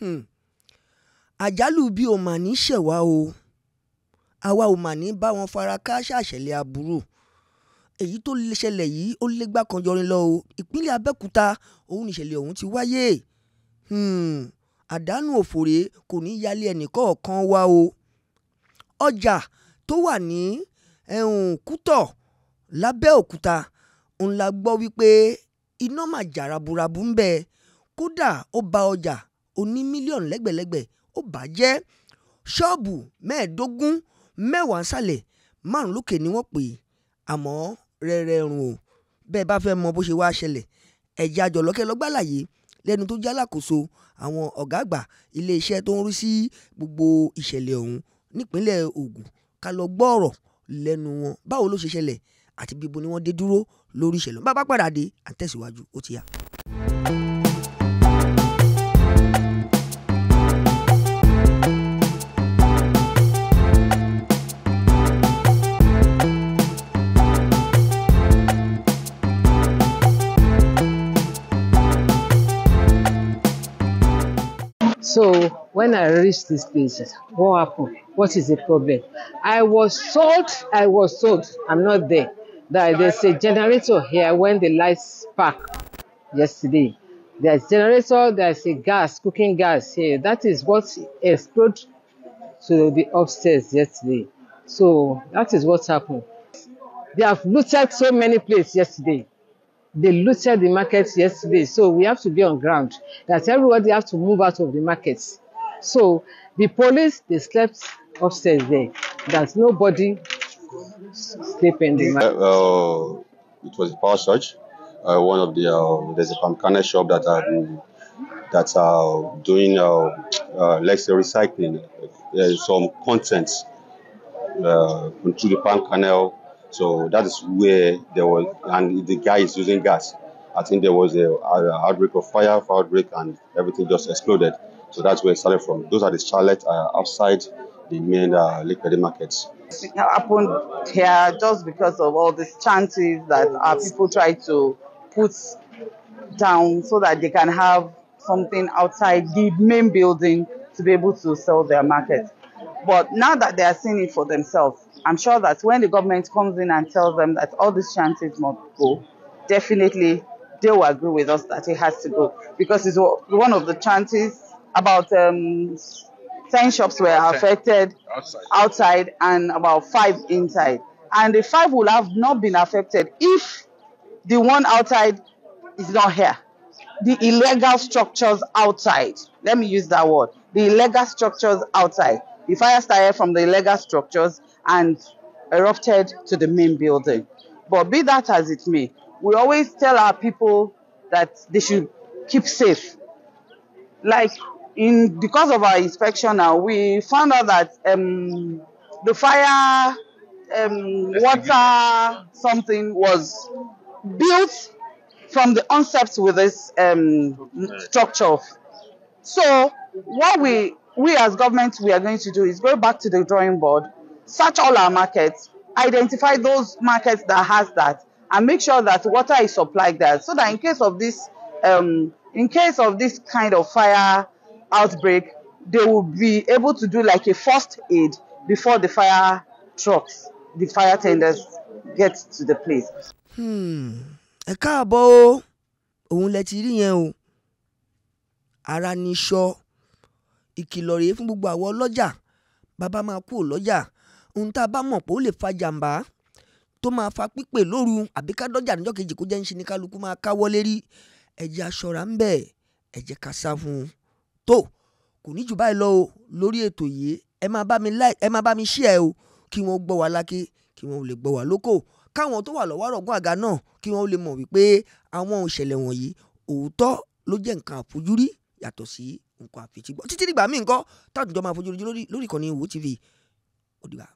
Hmm. àjálù bíi ò mà ní ṣẹ̀wá o àwa ò mà ní bá wọn fara kááṣá ṣẹlẹ̀ aburú èyí tó lè ṣẹlẹ̀ yìí ó lé gbá kan yọrin lọ o ìpínlẹ̀ Abẹ́òkúta òun ìṣẹ̀lẹ̀ ọ̀hún ti wáyé hmm. àdánù òfòrè kò ní yálé ẹnìkọ̀ọ̀kan wa o ọjà tó wà ní Kútọ̀ l'Ábẹ́òkúta ń gbọ́ wípé iná mà jà raburabu ń bẹ kódà ó ba ọjà oní mílíọ̀nù lẹ́gbẹ̀lẹ́gbẹ̀ ó bàjẹ́ ṣọ́ọ̀bù mẹ́ẹ̀ẹ́dógún mẹ́wàá nsàlẹ̀ márùn lókè ni wọ́n pè é àmọ́ rẹ́rẹ́ rùn o bẹ́ẹ̀ bá fẹ́ mọ bó ṣe wá ṣẹlẹ̀ ẹ̀jẹ̀ àjọlọ́kẹ́ lọ́gbàlàyé lẹ́nu tó jẹ́ alákòóso àwọn ọ̀gá àgbà iléeṣẹ́ tó ń rí sí gbogbo ìṣẹ̀lẹ̀ ọ̀hún nípínlẹ̀ Ògùn ká lọ gbọ́ ọ̀rọ̀ lẹ́nu wọn báwo ló ṣe ṣẹlẹ̀ àti bíbo ni wọ́n dé dúró lórí ìṣẹ̀lẹ̀ bá bá padà dé àtẹ̀síwájú ó ti yá. So when I reached this place, what happened? What is the problem? I was told, I was told, I'm not there, that there's a generator here when the lights spark yesterday. There's generator, there's a gas, cooking gas here. That is what exploded to the upstairs yesterday. So that is what happened. They have looted so many places yesterday. they looted the markets yesterday. So we have to be on ground that everybody has to move out of the markets. So the police, they slept upstairs there. That nobody sleep in the market. Uh, uh, it was a power surge. Uh, one of the, uh, there's a Pamkana shop that um, that are uh, doing, uh, uh, let's say, recycling uh, some contents uh, through the Palm Canal so that is where there was, and the guy is using gas. I think there was a, a outbreak of fire, outbreak, and everything just exploded. So that's where it started from. Those are the Charlotte uh, outside the main uh, liquid markets. It happened here just because of all these chances that our people try to put down so that they can have something outside the main building to be able to sell their market. But now that they are seeing it for themselves, I'm sure that when the government comes in and tells them that all these chances must go, definitely they will agree with us that it has to go because it's one of the chances about um, 10 shops were affected outside. outside. and about five inside. And the five will have not been affected if the one outside is not here. The illegal structures outside, let me use that word, the illegal structures outside. The fire started from the illegal structures and erupted to the main building. But be that as it may, we always tell our people that they should keep safe. Like in because of our inspection now, we found out that um, the fire um, water something was built from the concept with this um, structure. So what we we as government we are going to do is go back to the drawing board search all our markets, identify those markets that has that, and make sure that water is supplied there, so that in case of this, um, in case of this kind of fire outbreak, they will be able to do like a first aid before the fire trucks, the fire tenders get to the place. Hmm. káàbọ̀ o òun lẹ ti rí yẹn o ara ní sọ ìkìlọ̀ rèé fún gbogbo àwọn ọlọ́jà bàbá máa kú ò ohun tá a bá mọ̀ pé ó lè fa jàǹbá tó máa fa pípè lóru àbí ká dọ́jà níjọ́ kejì kó jẹ́ ń ṣe ní kálukú máa káwọ́ lérí ẹ jẹ́ a ṣọ́ra ń bẹ̀ ẹ jẹ́ fún un tó kò ní jù báyìí lọ o lórí ètò yìí ẹ máa bá mi like ẹ máa mi share o kí wọ́n gbọ́ wa lákè kí wọ́n lè gbọ́ wa lóko káwọn tó wà lọ́wọ́ àrọ̀gùn àga náà kí wọ́n lè mọ̀ wípé àwọn òṣèlè wọ̀nyí òótọ́ ló jẹ́ nǹkan àfojúrí yàtọ̀ sí nǹkan àfetígbọ́ títí dìgbà míì ńkọ́ táwọn ìjọba àfojúrí lórí ìkànnì wo tv ó dìgbà.